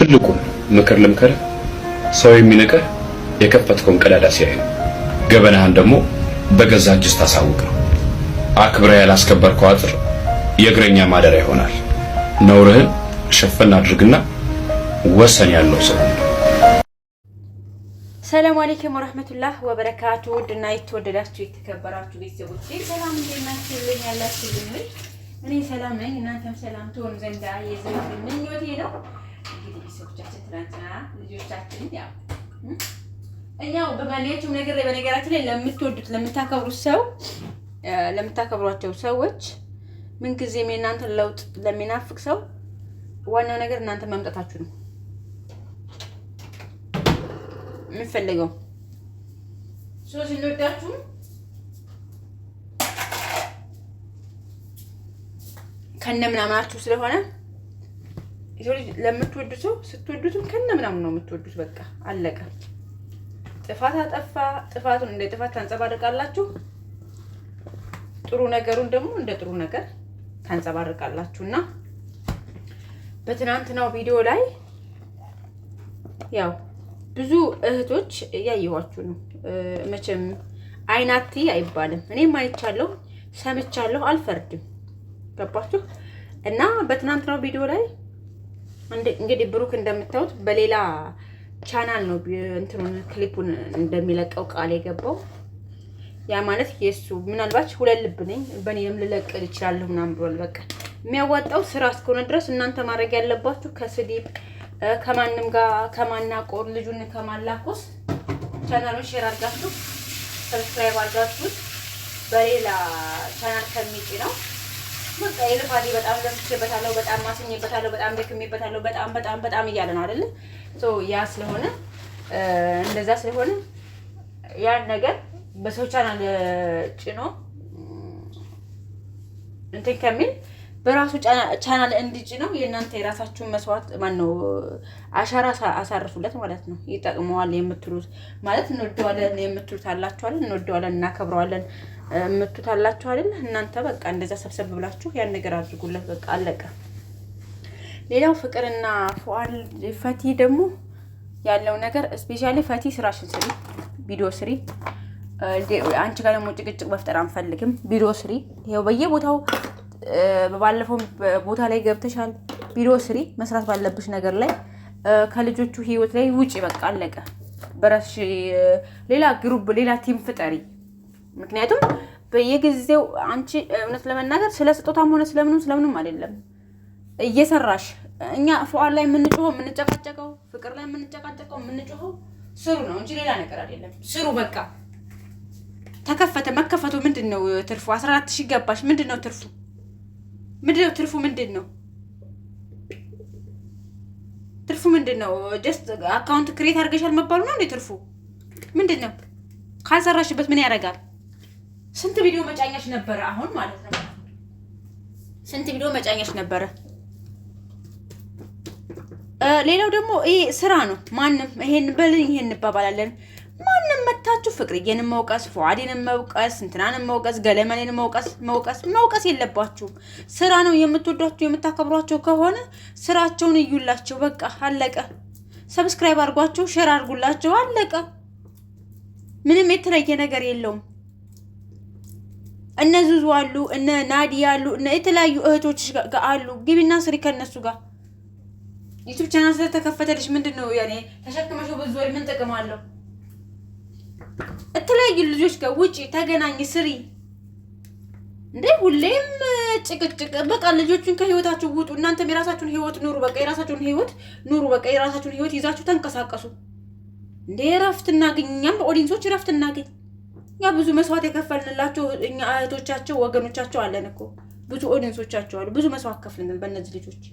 ትልቁ ምክር ልምከር፣ ሰው የሚንቅህ የከፈትከውን ቀዳዳ ሲያይ ነው። ገበናህን ደግሞ በገዛ እጅህ ታሳውቅ ነው። አክብረህ ያላስከበርከው አጥር የእግረኛ ማደሪያ ይሆናል። ነውርህን ሸፈን አድርግና ወሰን ያለው ሰው ሰላም አለይኩም ወራህመቱላህ ወበረካቱ። ውድና የተወደዳችሁ የተከበራችሁ ቤተሰቦቼ ሰላም እንዴት ያላችሁ ያላችሁልኝ እኔ ሰላም ነኝ። እናንተም ሰላም ትሆኑ ዘንዳ የዘንድ ምኞቴ ነው። እንግዲህ ሰዎቻችን ትናንትና ልጆቻችንን ያው እኛው በማንኛቸውም ነገር ላይ በነገራችን ላይ ለምትወዱት ለምታከብሩት ሰው ለምታከብሯቸው ሰዎች ምንጊዜም የእናንተን ለውጥ ለሚናፍቅ ሰው ዋናው ነገር እናንተ መምጣታችሁ ነው የምንፈልገው። ሰዎች እንወዳችሁ ከነ ምናምናችሁ ስለሆነ የሰው ልጅ ለምትወዱት ሰው ስትወዱትም ከነ ምናምን ነው የምትወዱት። በቃ አለቀ። ጥፋት አጠፋ፣ ጥፋቱን እንደ ጥፋት ታንጸባርቃላችሁ፣ ጥሩ ነገሩን ደግሞ እንደ ጥሩ ነገር ታንጸባርቃላችሁ። እና በትናንትናው ቪዲዮ ላይ ያው ብዙ እህቶች እያየኋችሁ ነው። መቼም አይናቲ አይባልም። እኔም አይቻለሁ፣ ሰምቻለሁ፣ አልፈርድም። ገባችሁ? እና በትናንትናው ቪዲዮ ላይ እንግዲህ ብሩክ እንደምታዩት በሌላ ቻናል ነው እንትኑን ክሊፑን እንደሚለቀው ቃል የገባው። ያ ማለት የእሱ ምናልባት ሁለት ልብ ነኝ በእኔ ልለቀል ይችላለሁ ምናምን ብሏል። በቃ የሚያዋጣው ስራ እስከሆነ ድረስ እናንተ ማድረግ ያለባችሁ ከስዲብ ከማንም ጋር ከማናቆር ልጁን ከማላኮስ ቻናሉን ሼር አድርጋችሁ ሰብስክራይብ አድርጋችሁት በሌላ ቻናል ከሚጭ ነው በቃ ይልፋል። በጣም ለፍቼበታለሁ፣ በጣም ማስኜበታለሁ፣ በጣም ደክሜበታለሁ፣ በጣም በጣም በጣም እያለ ነው አይደለ? ያ ስለሆነ እንደዛ ስለሆነ ያን ነገር በሰው ቻናል ጭኖ እንትን ከሚል በራሱ ቻናል እንዲጭነው የእናንተ የራሳችሁን መስዋዕት ማነው አሻራ አሳርፉለት ማለት ነው። ይጠቅመዋል የምትሉት ማለት እንወደዋለን የምትሉት አላችኋለን፣ እንወደዋለን፣ እናከብረዋለን ምቱታላችሁ አይደል? እናንተ በቃ እንደዛ ሰብሰብ ብላችሁ ያን ነገር አድርጉለት። በቃ አለቀ። ሌላው ፍቅርና ፉአል ፈቲ ደግሞ ያለው ነገር ስፔሻሊ ፈቲ ስራሽን ስሪ፣ ቪዲዮ ስሪ። አንቺ ጋር ደግሞ ጭቅጭቅ መፍጠር አንፈልግም። ቪዲዮ ስሪ። ይኸው በየቦታው ባለፈው ቦታ ላይ ገብተሻል። ቪዲዮ ስሪ። መስራት ባለብሽ ነገር ላይ ከልጆቹ ህይወት ላይ ውጪ። በቃ አለቀ። በራስሽ ሌላ ግሩፕ ሌላ ቲም ፍጠሪ። ምክንያቱም በየጊዜው አንቺ እውነት ለመናገር ስለ ስጦታም ሆነ ስለምንም ስለምንም አይደለም እየሰራሽ እኛ ፉአድ ላይ የምንጮኸው የምንጨቃጨቀው ፍቅር ላይ የምንጨቃጨቀው የምንጮኸው ስሩ ነው እንጂ ሌላ ነገር አይደለም። ስሩ በቃ ተከፈተ። መከፈቱ ምንድን ነው ትርፉ? አስራ አራት ሺህ ገባሽ። ምንድን ነው ትርፉ? ምንድን ነው ትርፉ? ምንድን ነው ትርፉ? ምንድን ነው ጀስት አካውንት ክሬት አድርገሻል መባሉ ነው እንዴ ትርፉ? ምንድን ነው ካልሰራሽበት ምን ያደርጋል? ስንት ቪዲዮ መጫኛሽ ነበረ? አሁን ማለት ነው ስንት ቪዲዮ መጫኛሽ ነበረ? ሌላው ደግሞ ይሄ ስራ ነው። ማንም ይሄን በልን ይሄን እንባባላለን። ማንም መታችሁ ፍቅርዬን መውቀስ፣ ፏዴን መውቀስ፣ እንትናን መውቀስ፣ ገለመኔን መውቀስ መውቀስ መውቀስ የለባችሁ ስራ ነው። የምትወዷቸው የምታከብሯቸው ከሆነ ስራቸውን እዩላቸው። በቃ አለቀ። ሰብስክራይብ አድርጓቸው፣ ሼር አድርጉላቸው። አለቀ። ምንም የተለየ ነገር የለውም። እነ ዙዙ አሉ፣ እነ ናዲ አሉ፣ እነ የተለያዩ እህቶች ጋር አሉ። ግቢና ስሪ ከእነሱ ጋር ዩቱብ ቻናል ስለተከፈተልሽ ምንድን ነው ያኔ ተሸክመሽ ብዙ ወይ ምን ጥቅም አለው? የተለያዩ ልጆች ጋር ውጪ ተገናኝ፣ ስሪ እንዴ ሁሌም ጭቅጭቅ። በቃ ልጆቹን ከህይወታችሁ ውጡ። እናንተም የራሳችሁን ህይወት ኑሩ። በቃ የራሳችሁን ህይወት ኑሩ። በቃ የራሳችሁን ህይወት ይዛችሁ ተንቀሳቀሱ። እንዴ እረፍት እኛም ኦዲንሶች እረፍት እናገኝ። እኛ ብዙ መስዋዕት የከፈልንላቸው እኛ እህቶቻቸው ወገኖቻቸው አለን እኮ ብዙ ኦዲንሶቻቸው አሉ። ብዙ መስዋዕት ከፍልናል በእነዚህ ልጆች።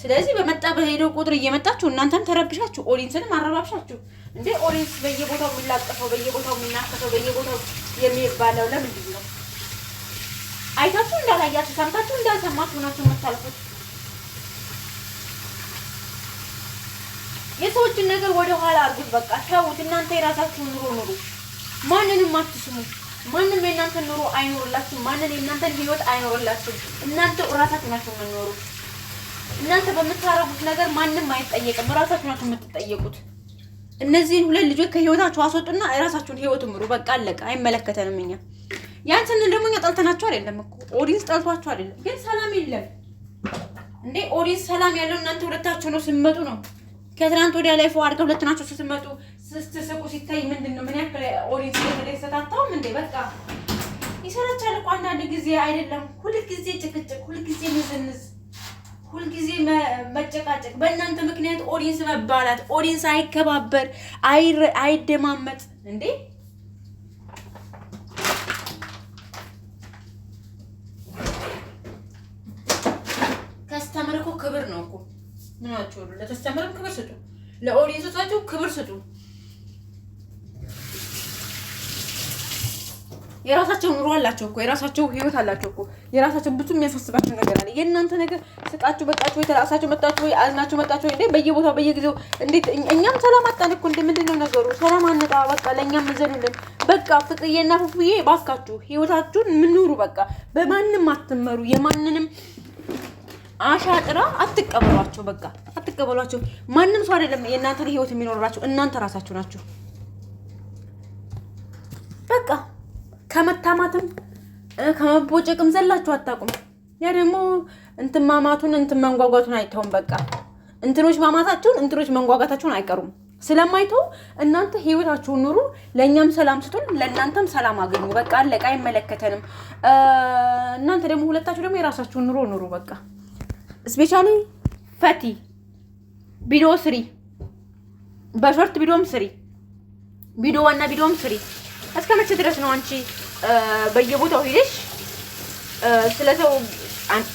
ስለዚህ በመጣ በሄደው ቁጥር እየመጣችሁ እናንተም ተረብሻችሁ ኦዲንስንም አረባብሻችሁ እን ኦዲንስ በየቦታው የሚላጠፈው በየቦታው የሚናከሰው በየቦታው የሚባለው ለምንድን ነው? አይታችሁ እንዳላያችሁ ሰምታችሁ እንዳልሰማችሁ ናቸው የምታልፉት። የሰዎችን ነገር ወደኋላ አርጉት። በቃ ተውት። እናንተ የራሳችሁን ኑሮ ኑሩ። ማንንም አትስሙ። ማንም የእናንተን ኑሮ አይኖርላችሁ። ማንን የእናንተን ህይወት አይኖርላችሁ። እናንተ እራሳችሁ ናችሁ የምትኖሩ። እናንተ በምታረጉት ነገር ማንም አይጠየቅም። እራሳችሁ ናችሁ የምትጠየቁት። እነዚህን ሁለት ልጆች ከህይወታችሁ አስወጡና የራሳችሁን ህይወት ምሩ። በቃ አለቀ። አይመለከተንም። እኛ ያን ስንል ደግሞ እኛ ጠልተናችሁ አይደለም እኮ ኦዲንስ ጠልቷችሁ አይደለም፣ ግን ሰላም የለም እንዴ ኦዲንስ። ሰላም ያለው እናንተ ሁለታችሁ ነው ስትመጡ ነው። ከትናንት ወዲያ ላይ ፎ አድርገው ሁለት ናችሁ ስትመጡ ስትስቁ ሲታይ ምንድን ነው? ምን ያክል ኦዲንስ የተደሰታታውም እንዴ! በቃ ይሰለቻል እኮ አንዳንድ ጊዜ አይደለም፣ ሁልጊዜ ጭቅጭቅ፣ ሁልጊዜ ንዝንዝ፣ ሁልጊዜ መጨቃጨቅ። በእናንተ ምክንያት ኦዲንስ መባላት፣ ኦዲንስ አይከባበር፣ አይደማመጥ እንዴ! ከስተምር እኮ ክብር ነው እኮ ምናቸው። ለከስተምርም ክብር ስጡ፣ ለኦዲንስ ለኦዲንሶቻችሁ ክብር ስጡ። የራሳቸው ኑሮ አላቸው እኮ የራሳቸው ህይወት አላቸው እኮ የራሳቸው ብዙ የሚያሳስባቸው ነገር አለ። የእናንተ ነገር ስቃችሁ በቃችሁ ወይ ተራሳችሁ መጣችሁ ወይ አዝናችሁ መጣችሁ ወይ በየቦታው በየጊዜው እንዴት እኛም ሰላም አጣን እኮ። ምንድን ነው ነገሩ? ሰላም አንጣ በቃ ለእኛም ዘኑልን በቃ ፍቅርዬና ፉፉዬ ባካችሁ ህይወታችሁን ምንኑሩ በቃ በማንም አትመሩ። የማንንም አሻጥራ አትቀበሏቸው። በቃ አትቀበሏቸው። ማንም ሰው አይደለም የእናንተን ህይወት የሚኖራችሁ እናንተ ራሳችሁ ናችሁ። በቃ ከመታማትም ከመቦጨቅም ዘላችሁ አታውቁም። ያ ደግሞ እንትን ማማቱን እንትን መንጓጓቱን አይተውም። በቃ እንትኖች ማማታቸውን እንትኖች መንጓጓታቸውን አይቀሩም ስለማይተው እናንተ ህይወታችሁን ኑሩ። ለእኛም ሰላም ስጡን፣ ለእናንተም ሰላም አገኙ። በቃ አለቃ፣ አይመለከተንም። እናንተ ደግሞ ሁለታችሁ ደግሞ የራሳችሁን ኑሮ ኑሩ። በቃ ስፔሻሊ ፈቲ ቪዲዮ ስሪ፣ በሾርት ቪዲዮም ስሪ፣ ቪዲዮ ዋና ቪዲዮም ስሪ። እስከ መቼ ድረስ ነው አንቺ በየቦታው ሄደሽ ስለሰው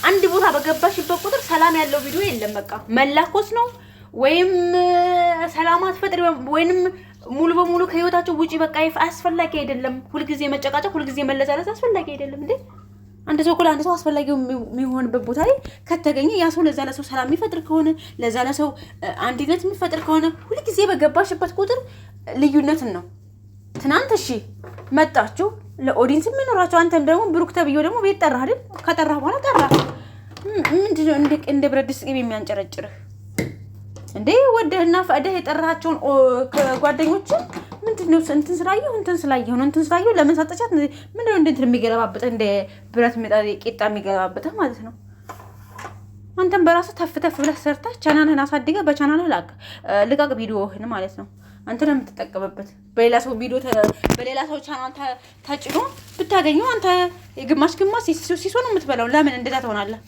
አንድ ቦታ በገባሽበት ቁጥር ሰላም ያለው ቪዲዮ የለም። በቃ መላኮስ ነው ወይም ሰላም አትፈጥሪ ወይንም ሙሉ በሙሉ ከህይወታቸው ውጪ በቃ አስፈላጊ አይደለም። ሁልጊዜ መጨቃጨቅ፣ ሁልጊዜ መለዛለስ አስፈላጊ አይደለም እንዴ አንድ ሰው እኮ አንድ ሰው አስፈላጊው የሚሆንበት ቦታ ላይ ከተገኘ ያ ሰው ለዛ ለሰው ሰላም የሚፈጥር ከሆነ ለዛ ለሰው አንድነት የሚፈጥር ከሆነ ሁልጊዜ በገባሽበት ቁጥር ልዩነትን ነው ትናንት እሺ መጣችሁ ለኦዲንስ የሚኖራቸው አንተም ደግሞ ብሩክ ተብዬው ደግሞ ቤት ጠራህ አይደል? ከጠራህ በኋላ ጠራህ ምንድን ነው እንደ ብረት ድስት ቅቤ የሚያንጨረጭርህ እንዴ? ወደህና ፈቅደህ የጠራቸውን ጓደኞችን ምንድን ነው እንትን ስላየሁ እንትን ስላየሁ ነው እንትን ስላየሁ ለምን ሳጠቻት ምንድን ነው እንትን የሚገለባብጥህ እንደ ብረት ቂጣ የሚገለባብጥህ ማለት ነው። አንተም በራሱ ተፍ ተፍ ብለህ ሰርተህ ቻናልህን አሳድገህ በቻናልህ ልቃቅ ቪዲዮህን ማለት ነው። አንተ ነው የምትጠቀምበት። በሌላ ሰው ቪዲዮ በሌላ ሰው ቻናል ተጭኖ ብታገኘው አንተ የግማሽ ግማሽ ሲሶ ነው የምትበላው። ለምን እንደዛ ትሆናለህ?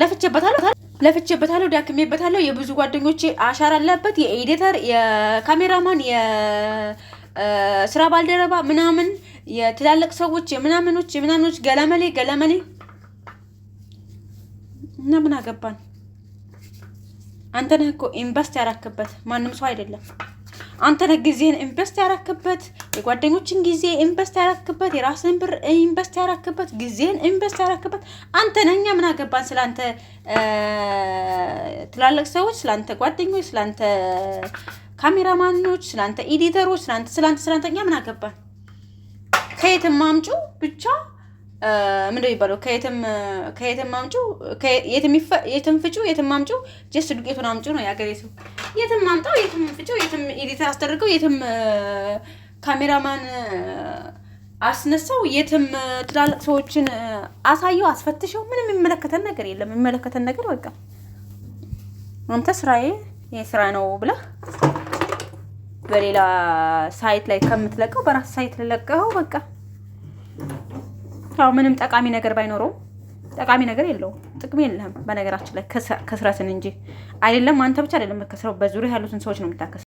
ለፍቼበታለሁ ለፍቼበታለሁ ዳክሜበታለሁ። የብዙ ጓደኞቼ አሻራ አለበት። የኤዲተር፣ የካሜራማን፣ የስራ ባልደረባ ምናምን፣ የትላልቅ ሰዎች የምናምኖች የምናምኖች ገለመሌ ገለመሌ እና ምን አገባን? አንተ ነህ እኮ ኢንቨስት ያራክበት ማንም ሰው አይደለም። አንተነህ ጊዜን ኢንቨስት ያረክበት፣ የጓደኞችን ጊዜ ኢንቨስት ያረክበት፣ የራስን ብር ኢንቨስት ያረክበት፣ ጊዜን ኢንቨስት ያረክበት አንተነህ። እኛ ምን አገባን ስላንተ ትላልቅ ሰዎች፣ ስላንተ ጓደኞች፣ ስላንተ ካሜራማኖች፣ ስላንተ ኢዲተሮች፣ ስላንተ ስላንተ ስላንተ እኛ ምን አገባን? ከየትም አምጪው ብቻ ምንድ ይባለው ከየትም አምጩ የትም ፍጩ የትም አምጩ ጀስት ዱቄቱን አምጩ ነው የአገሬ ሰው። የትም አምጣው የትም ፍጩ የትም ኢዲት አስደርገው የትም ካሜራማን አስነሳው የትም ትላልቅ ሰዎችን አሳየው አስፈትሸው ምንም የሚመለከተን ነገር የለም። የሚመለከተን ነገር በቃ አንተ ስራዬ ይህ ስራ ነው ብለህ በሌላ ሳይት ላይ ከምትለቀው በራስ ሳይት ለቀኸው በቃ ያው ምንም ጠቃሚ ነገር ባይኖረውም ጠቃሚ ነገር የለውም፣ ጥቅም የለህም። በነገራችን ላይ ከስረትን እንጂ አይደለም አንተ ብቻ አይደለም የምትከስረው፣ በዙሪያ ያሉትን ሰዎች ነው የምታከስረው።